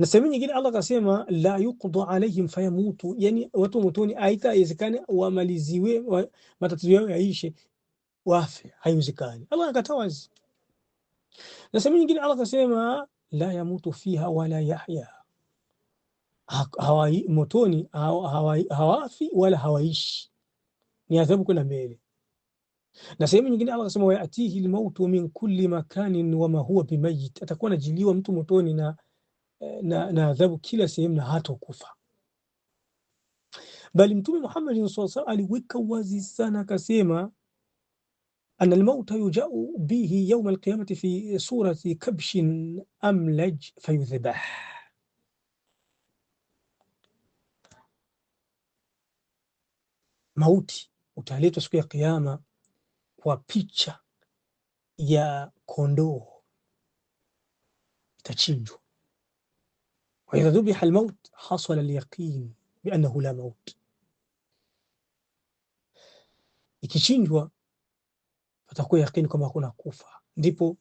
na sehemu nyingine Allah akasema la yuqda alaihim fayamutu, yani watu motoni, aita wamaliziwe wa, matatizo yao yaishe wafe, haiwezekani. Allah anakataa wazi. Na sehemu nyingine Allah akasema la yamutu fiha wala yahya, hawai motoni, hawafi wala hawaishi, ni adhabu kwenda mbele. Na sehemu nyingine Allah akasema wayatihi lmautu min kulli makanin wama huwa bimayit, atakuwa anajiliwa mtu motoni na na, na adhabu kila sehemu na hata kufa. Bali Mtume Muhammad sallallahu alaihi wasallam aliweka wazi sana akasema, ana almauta yujau bihi yauma alqiyamati fi surati kabshin amlaj fayudhbah Mauti utaletwa siku ya Kiyama kwa picha ya kondoo, itachinjwa waidha dhubiha almaut hasala alyaqin biannahu la maut, ikichinjwa watakuwa yaqini kwamba hakuna kufa, ndipo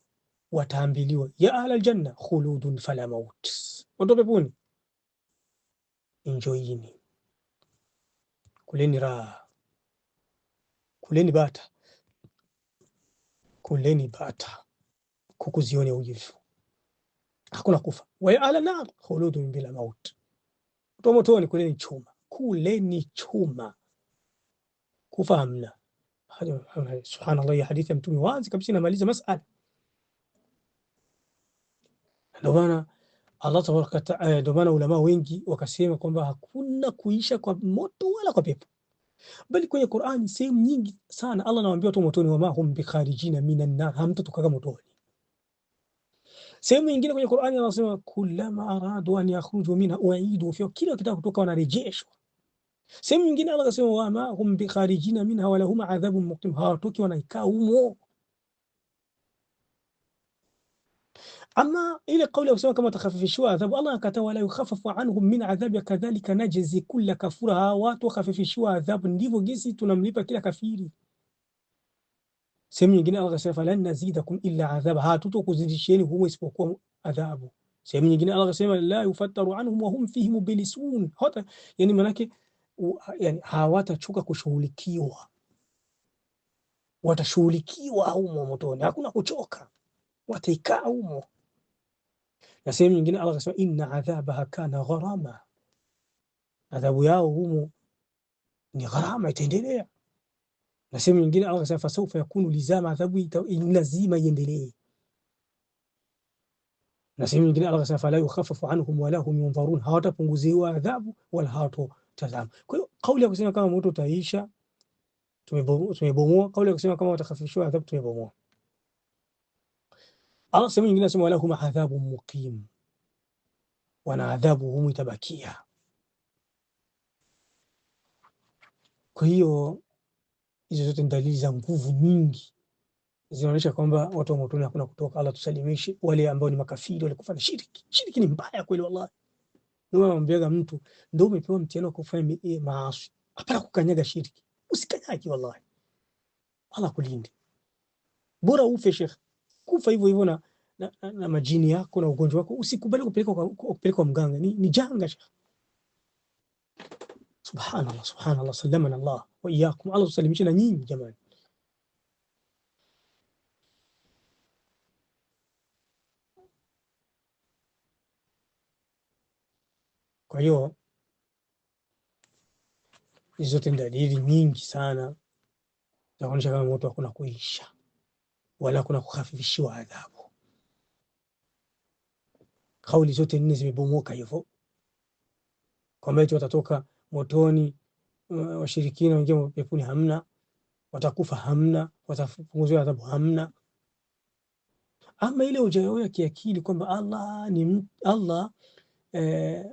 wataambiliwa ya ahla aljanna khuludun fala maut, watu peponi njoini, kuleni raha, kuleni bata, kuleni bata, kukuzione zione ujivu hakuna kufa wa ala nar khuludun bila maut, uto motoni, ni chuma, Kule ni chuma, kufa hamna. Subhanallah, ya hadithi ya Mtume wazi kabisa inamaliza masala. Ndio maana Allah tabaraka taala, ndio maana ulama wengi wakasema kwamba hakuna kuisha kwa moto wala kwa pepo, bali kwenye Qur'an sehemu nyingi sana Allah anawaambia watu motoni, wa wama hum kharijina minan nar, hamtatoka motoni Sehemu nyingine kwenye Qur'ani anasema kulama aradu an yakhruju minha uidu fi, kila kitu kutoka wanarejeshwa. Sehemu nyingine Allah akasema ma hum bi bikharijina minha wa lahum adhabun muqim, hawatoki wanaikaa humo. Ama ile kauli ya kusema kama watakhafifiwa adhabu, Allah akata wala yukhafafu anhum min adhabi kadhalika najzi kulla kafura, watu wakhafifishwa adhabu, ndivyo gisi tunamlipa kila kafiri. Sehemu nyingine Allah akasema falan nazidakum illa adhaba, hatutokuzidisheni humo isipokuwa adhabu. Sehemu nyingine Allah akasema la yufattaru anhum wa hum fihi mublisun, hata yani manake yani hawatachoka kushughulikiwa, watashughulikiwa humo motoni, hakuna kuchoka, wataikaa humo. Na sehemu nyingine Allah akasema inna adhabaha kana gharama, adhabu yao humo ni gharama, itaendelea na sehemu nyingine Allah kasema fasaufa yakunu lizama, adhabu lazima iendelee. Na sehemu nyingine Allah kasema fala yukhaffafu anhum wala hum yunzarun, hawatapunguziwa adhabu wala hawatotazama. Kwa hiyo kauli ya kusema kama moto utaisha tumebomoa, kauli ya kusema kama watakhafifishiwa adhabu tumebomoa. Allah sehemu nyingine anasema walahum adhabu muqim, wana adhabu humu itabakia. Kwa hiyo Hizo zote ni dalili za nguvu nyingi, zinaonyesha kwamba watu wa motoni hakuna kutoka. Allah tusalimishe wale ambao ni makafiri wale kufanya shiriki. Shiriki ni mbaya kweli, wallahi. Ndio namwambiaga mtu ndio umepewa mtihani wa kufanya eh, maasi, hapana kukanyaga shiriki, usikanyage wallahi. Allah kulinde, bora ufe shekh, kufa hivyo hivyo na, na, na na majini yako na ugonjwa wako, usikubali kupeleka kwa mganga, ni, ni janga shekh. سبحان الله سبحان الله سلمنا الله وإياكم الله سلم يجينا نين جمال Kwa hiyo hizi zote ni dalili nyingi sana za kuonyesha kama moto hakuna kuisha wala kuna kukhafifishiwa adhabu. Kauli zote nne zimebomoka hivyo, kwamba eti watatoka motoni, uh, washirikina wengine peponi hamna, watakufa hamna, watapunguziwa adhabu hamna. Ama ile ujao ya kiakili kwamba Allah ni Allah, eh,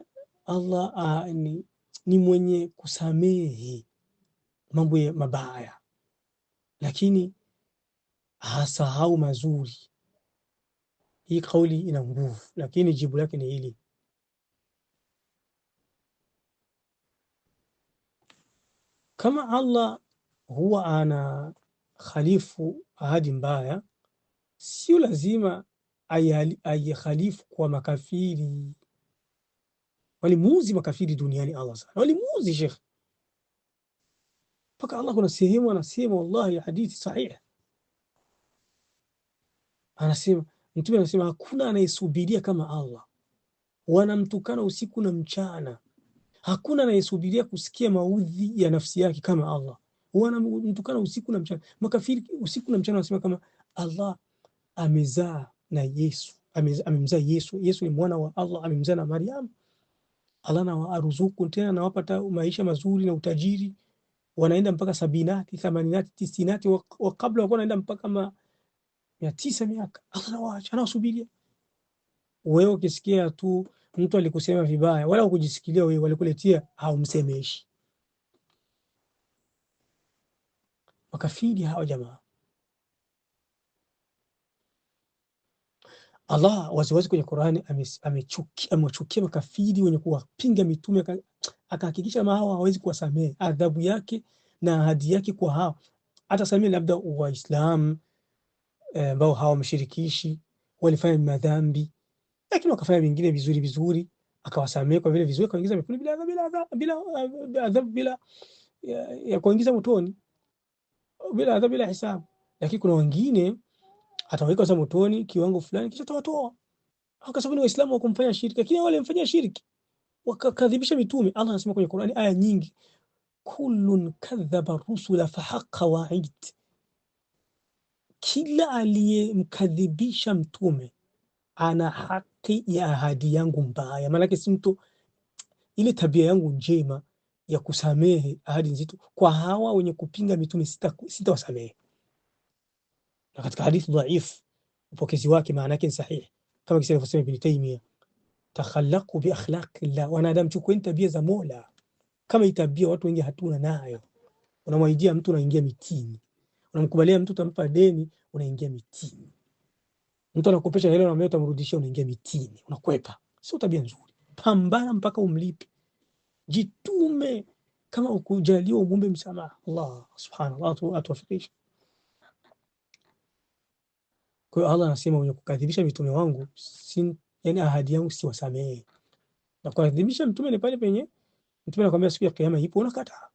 Allah ah, ni, ni mwenye kusamehe mambo ya mabaya lakini hasahau mazuri. Hii kauli ina nguvu, lakini jibu lake ni hili Kama Allah huwa ana khalifu ahadi mbaya, sio lazima aikhalifu kwa makafiri. Walimuuzi makafiri duniani Allah sana, walimuuzi shekhe mpaka Allah kuna sehemu anasema, wallahi hadithi sahihi, anasema Mtume anasema hakuna anayesubiria kama Allah, wanamtukana usiku na mchana Hakuna anayesubiria kusikia maudhi ya nafsi yake kama Allah. Wanamtukana usiku na mchana, makafiri usiku na mchana wanasema kama Allah amezaa na Yesu amemzaa Yesu. Yesu ni mwana wa Allah, amemzaa na Maryam. Allah na waruzuku tena anawapata maisha mazuri na utajiri, wanaenda mpaka sabinati, thamaninati, tisinati, wa kabla walikuwa wanaenda mpaka ma mia tisa miaka. Allah anawasubiria wewe ukisikia tu mtu alikusema vibaya wala hukujisikilia wewe, walikuletea haumsemeshi. Makafiri hawa jamaa, Allah waziwazi kwenye Qur'ani amechukia amechukia makafiri wenye kuwapinga mitume, akahakikisha kama hawa hawezi kuwasamehe. Adhabu yake na ahadi yake kwa hao atasamehe labda Waislamu eh, ambao hawamshirikishi walifanya madhambi lakini wakafanya vingine vizuri vizuri, akawasamehe kwa vile vizuri, akaingiza mifuli bila adhabu bila adhabu bila ya kuingiza motoni bila adhabu bila hisabu. Lakini kuna wengine ataweka sasa motoni kiwango fulani, kisha atawatoa kwa sababu ni Waislamu wa kumfanya shirki, lakini wale walimfanyia shirki wakakadhibisha mitume. Allah anasema kwenye Qur'ani aya nyingi, kullun kadhaba rusula fahaqa waid, kila aliyemkadhibisha mtume ana haki haki ya ahadi yangu mbaya. Maanake si mtu ile tabia yangu njema ya kusamehe ahadi nzito, kwa hawa wenye kupinga mitume sitawasamehe. Sita na katika hadithi dhaifu upokezi wake maana yake ni sahihi, kama kisa alivyosema Ibn Taymiyyah, takhallaqu bi akhlaqi akhlaqillah, wanadamu chukueni tabia za Mola. Kama itabia watu wengi hatuna nayo, unamwaidia mtu unaingia mitini, unamkubalia mtu utampa deni, unaingia mitini. Mtu anakopesha hela unaambia utamrudishia, unaingia mitini, unakwepa. Sio tabia nzuri. Pambana mpaka umlipe, jitume. Kama ukujaliwa umombe msamaha Allah, subhanahu wa ta'ala atuwafikishe. Kwa hiyo Allah anasema wenye kukadhibisha mitume wangu sin, yani ahadi yangu siwasamehe. Na kukadhibisha mtume ni pale penye mtume anakuambia siku ya kiyama ipo, unakataa.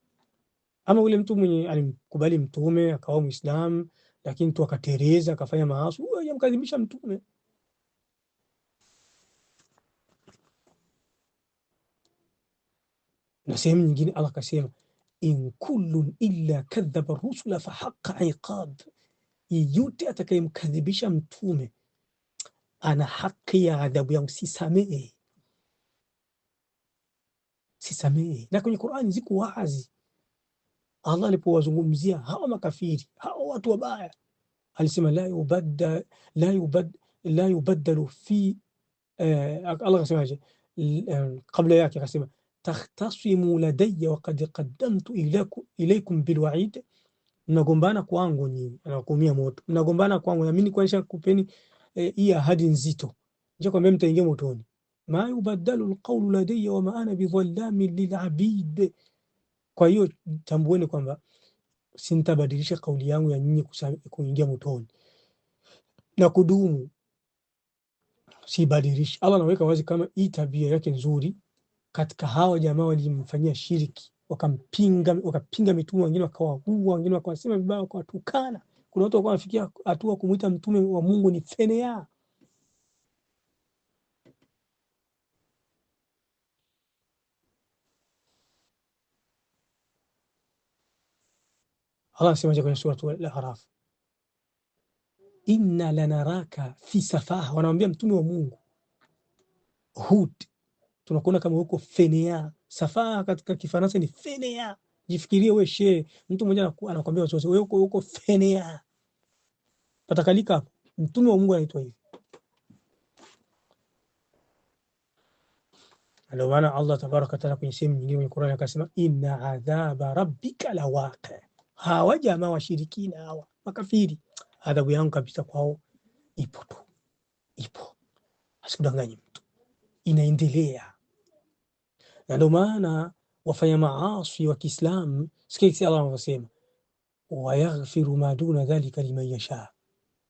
Ama ule mtu mwenye alimkubali mtume akawa Muislamu lakini mtu akatereza akafanya maasi, huyo hajamkadhibisha Mtume. Na sehemu nyingine Allah akasema, in kullun illa kadhaba rusula fahaqa iqab, yeyote atakayemkadhibisha Mtume ana haki ya adhabu yangu, sisamehe, sisamehe. Na kwenye Qur'ani ziko wazi Allah alipowazungumzia hawa makafiri hawa watu wabaya, alisema la yubadda, la yubad, la yubaddalu fi eh, Allah akasemaje eh, kabla yake akasema takhtasimu ladayya waqad qaddamtu ilaykum bilwa'id, mnagombana kwangu nyinyi, anakumia moto, mnagombana kwangu na mimi kwaisha kupeni eh, hii eh, ahadi nzito, nje kwambia mtaingia motoni. Ma yubaddalu alqawlu ladayya wa ma ana bidhallamin lilabid kwa hiyo tambueni kwamba sintabadilisha kauli yangu ya nyinyi kuingia motoni na kudumu sibadilishi. Allah anaweka wazi kama hii tabia yake nzuri katika hawa jamaa walimfanyia shiriki, wakampinga, wakapinga mitume wengine, wakawaua wengine, wakawasema vibaya, wakawatukana. Kuna watu walikuwa wanafikia hatua kumwita mtume wa Mungu ni fenea. Allah anasemaje kwenye suratul Araf? inna lanaraka fi safaha, wanamwambia mtume wa Mungu Hud, tunakuona kama huko fenea. Safaha katika Kifaransa ni fenea. Jifikirie wewe shehe, mtu mmoja anakuambia wewe uko huko fenea, patakalika. Mtume wa Mungu anaitwa hivi. Ndio maana Allah tabaraka taala kwenye sehemu nyingine kwenye Qur'an akasema, inna adhaba rabbika lawaqi hawa ah, jamaa washirikina hawa makafiri, adhabu yangu kabisa kwao ipo tu, ipo, asikudanganyi mtu, inaendelea. Na ndio maana wafanya maasi wa Kiislamu sikisi Allah anavyosema, wayaghfiru ma duna dhalika liman yasha.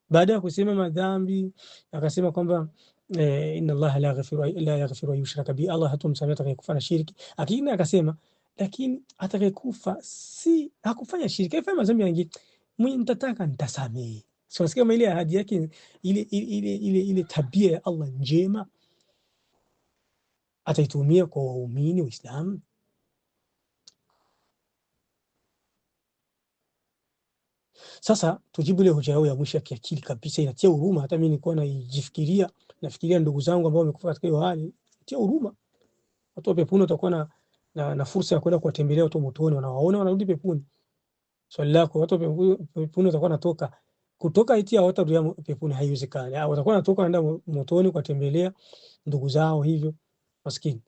Baada ya kusema madhambi akasema kwamba eh, inna Allah la yaghfiru an yushraka bihi, Allah hatumsamea atakayekufanya shirki, akini akasema lakini atakayekufa si hakufanya shirika, alifanya mazambi mengi, mwenye nitataka nitasamehe. So nasikia kama ile ahadi yake ile ile ile ile tabia ya Allah njema ataitumia kwa waumini Waislamu. Sasa tujibu ile hoja yao ya mwisho ya kiakili kabisa, inatia huruma. Hata mimi nilikuwa naijifikiria, nafikiria ndugu zangu ambao wamekufa katika hiyo hali, tia huruma. Watu wa peponi watakuwa na na, na fursa ya kwenda kuwatembelea watu motoni, wanawaona wanarudi peponi. Swali lako watu peponi watakuwa natoka kutoka iti ya watu ya peponi, haiwezekani. Au ah, watakuwa natoka naenda motoni kuwatembelea ndugu zao, hivyo maskini.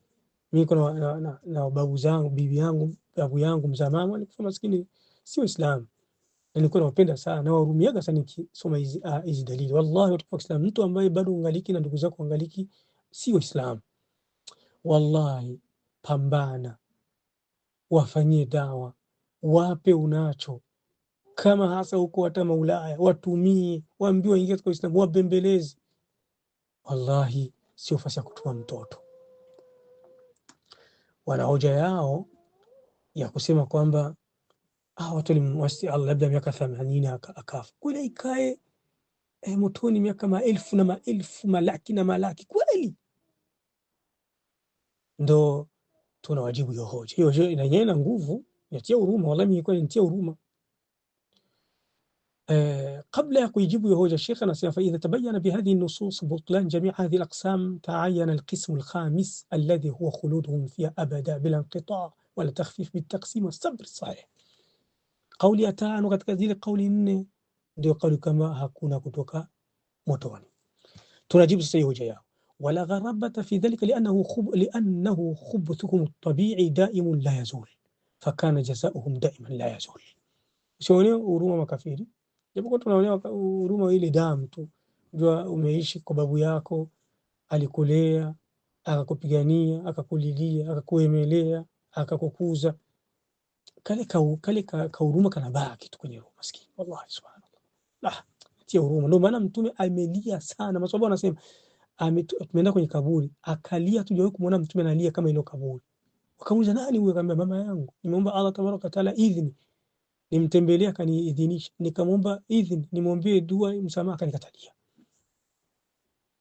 Mimi kuna na, na, na babu zangu, bibi yangu, babu yangu mzaa mzamama alikuwa maskini, si Waislamu nilikuwa nawapenda sana na wahurumiaga sana nikisoma hizi ah, hizi dalili. Wallahi watu wa Islam, mtu ambaye bado ungaliki na ndugu zako ungaliki si Waislamu, wallahi pambana, wafanyie dawa, wape unacho kama hasa huko hata maulaya watumie, waambie waingie katika Uislamu, wabembelezi. Wallahi sio fasi ya mtoto. Wana hoja yao ya kusema kwamba ah, watu walimwasi Allah labda miaka themanini akafa, kule ikae eh, motoni miaka maelfu na maelfu, malaki na malaki, kweli ndo tuna wajibu hiyo hoja hiyo yenyewe na nguvu yatia huruma, wala mimi nilikuwa nitia huruma أه قبل أن يجيب يهوج الشيخ أنس فإذا تبين بهذه النصوص بطلان جميع هذه الأقسام تعين القسم الخامس الذي هو خلودهم فيها أبدا بلا انقطاع ولا تخفيف بالتقسيم والصبر الصحيح قولي أتانو katika zile kauli nne ndio kauli kama hakuna kutoka motoni tunajibu sasa hoja yao wala غرابة fi dhalika لأنه خب لأنه خبثهم الطبيعي دائم لا يزول فكان جزاؤهم دائما لا يزول. Usione huruma makafiri, japokuwa tunaonea huruma ile damu tu. Jua umeishi kwa babu yako, alikulea akakupigania, akakulilia, akakuemelea, akakukuza. Kale ka kale ka huruma kanabaki tu kwenye roho maskini. Wallahi subhanallah, ah, tia huruma. Ndio maana Mtume amelia sana, maswahaba wanasema tumeenda kwenye kaburi, akalia. Hatujawahi kumuona Mtume analia kama ile kaburi. Wakamuuliza, nani huyo? Akamwambia, mama yangu, nimeomba Allah tabaraka taala idhini nimtembelee, akaniidhinisha, nikamwomba idhini nimwombee dua msamaha, akanikatalia.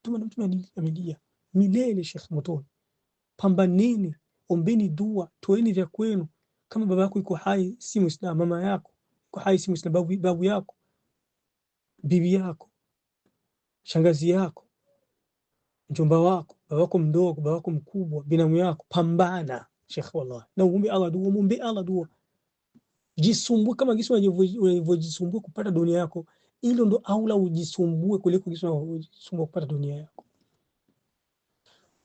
Mtume amelia milele. Sheikh motoni, pambaneni, ombeni dua, toeni vya kwenu. Kama baba yako yuko hai si Muislamu, mama yako yuko hai si Muislamu, babu, babu yako, bibi yako, shangazi yako mchumba wako, baba wako mdogo, baba wako mkubwa, binamu yako, pambana shekhi, wallahi, na uombe Allah dua, muombe Allah dua, jisumbue kama gisi unavyojisumbua kupata dunia yako, Ilo ndo aula ujisumbue kuliko gisi unavyojisumbua kupata dunia yako.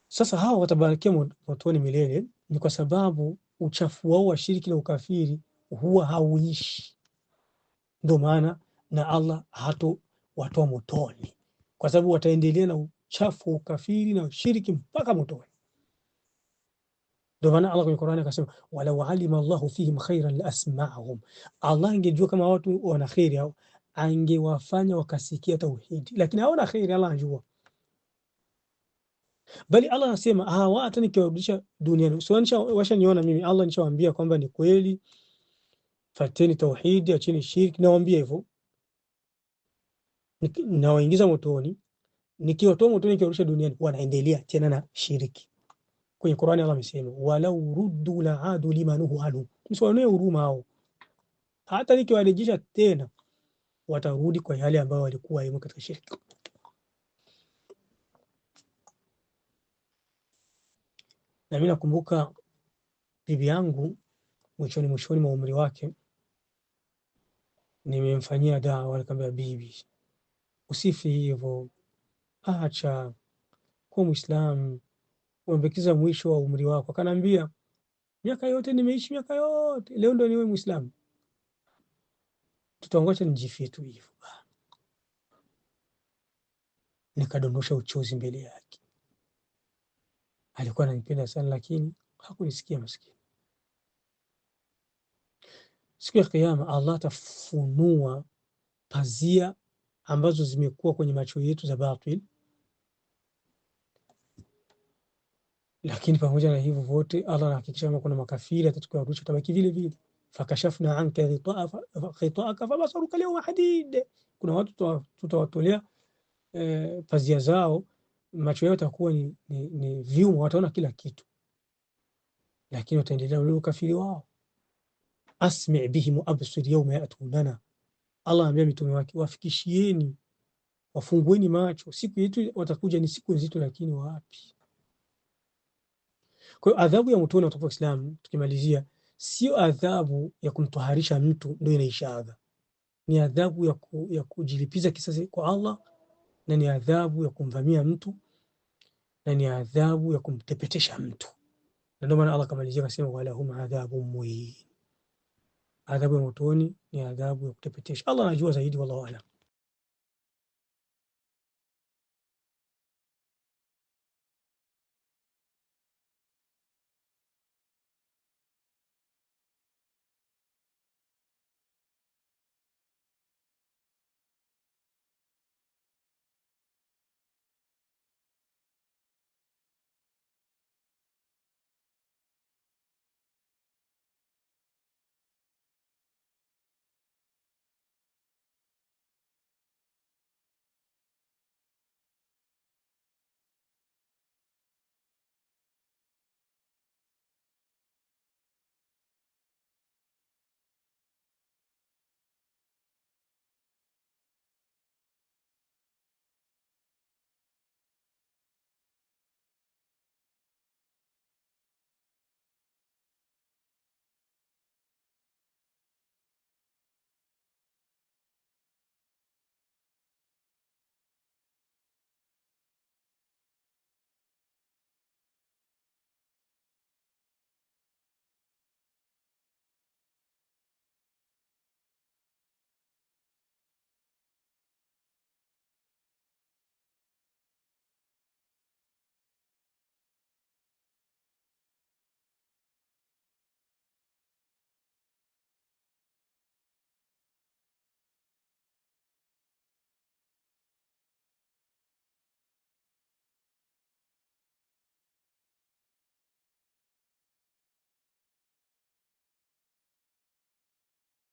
Sasa hawa watabarikia motoni milele, ni kwa sababu uchafu wao wa shirki na ukafiri huwa hauishi, ndio maana na Allah hato watoa motoni, kwa sababu wataendelea na uchafu ukafiri na ushiriki mpaka motoni. Ndio maana Allah kwenye Qur'ani akasema, walau alima Allahu fihim khairan la asma'ahum, Allah angejua kama watu wana khairi au angewafanya wakasikia tauhidi, lakini hawana khairi. Allah anajua, bali Allah anasema ah, hawa hata nikiwarudisha duniani so washaniona mimi. Allah nishawaambia kwamba ni kweli, fateni tauhidi, acheni shirki, nawaambia hivyo, nawaingiza motoni nikiwatoa motoni nikiwarusha duniani wanaendelea tena na shiriki. Kwenye Qur'ani Allah amesema walau ruddu la adu lima anhu, msiwaonee huruma hao, hata nikiwarejesha tena watarudi kwa yale ambayo walikuwa yemo katika shirki. Na mimi nakumbuka bibi yangu mwishoni mwishoni mwa umri wake, nimemfanyia dawa, nikamwambia bibi, usifi hivyo acha kuwa Muislamu, umeambukiza mwisho wa umri wako. Akanaambia, miaka yote nimeishi miaka yote, leo ndo niwe Muislamu? Tutaongocha nijifie hivyo. Nikadondosha uchozi mbele yake. Alikuwa ananipenda sana, lakini hakunisikia maskini. Siku ya Kiyama Allah atafunua pazia ambazo zimekuwa kwenye macho yetu za batil. Lakini pamoja na hivyo vote, Allah anahakikisha kuna makafiri atatukarudisha, tabaki vile vile. Fakashafna anka ghitaaka fabasaruka leo hadid, kuna watu tutawatolea eh, pazia zao macho yao yatakuwa ni, ni, ni vyuma, wataona kila kitu, lakini wataendelea ule ukafiri wao. asmi bihim absir yawma yatunana Allah anambia mitume wake, wafikishieni, wafungueni macho, siku yetu watakuja ni siku nzito, lakini wapi? Kwa hiyo adhabu ya motoni watukufu wa Islam, tukimalizia, sio adhabu ya kumtoharisha mtu ndio inaisha adha, ni adhabu ya, ku, ya kujilipiza kisasi kwa Allah, na ni adhabu ya kumvamia mtu, na ni adhabu ya kumtepetesha mtu, na ndio maana Allah kamalizia wala hum adhabun muhin adhabu ya motoni ni adhabu ya kutepetesha. Allah anajua zaidi, wallahu aalam.